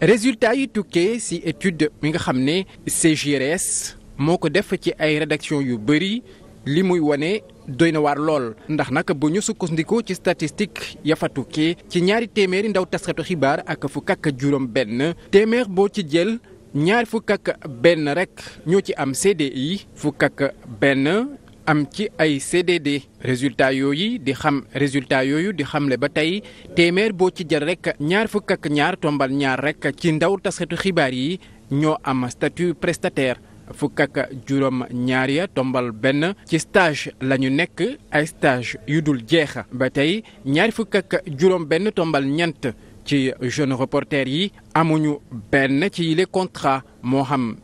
résultat yi tukkee ci étude mi nga xam ne CGRS moo ko def ci ay rédaction yu bëri li muy wane doy na waar lool ndax naka bu ñu sukkandikoo ci statistique ya fa tukkee ci ñaari téeméeri ndaw taskatu xibaar ak fukk ak juróom benn téeméer boo ci jël ñaari fukk ak benn rekk ñoo ci am cd CDI fukk ak benn am ci ay CDD résultat yooyu di xam résultat yooyu di xamle ba tey téeméer boo ci jël rek ñaar fukk ñaar tombal ñaar rek ci ndaw taskatu xibaar yi ñoo am statut prestataire fukk tombal benn ci stage la ñu nekk ay stage yu dul jeex ba tey ñaar benn tombal ñeent ci jeune reporter yi amuñu benn ci yile contrat moo xam